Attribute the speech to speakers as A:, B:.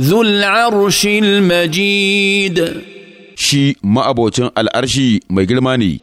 A: ذو العرش المجيد شي ما أبوتن الأرشي ما يقلماني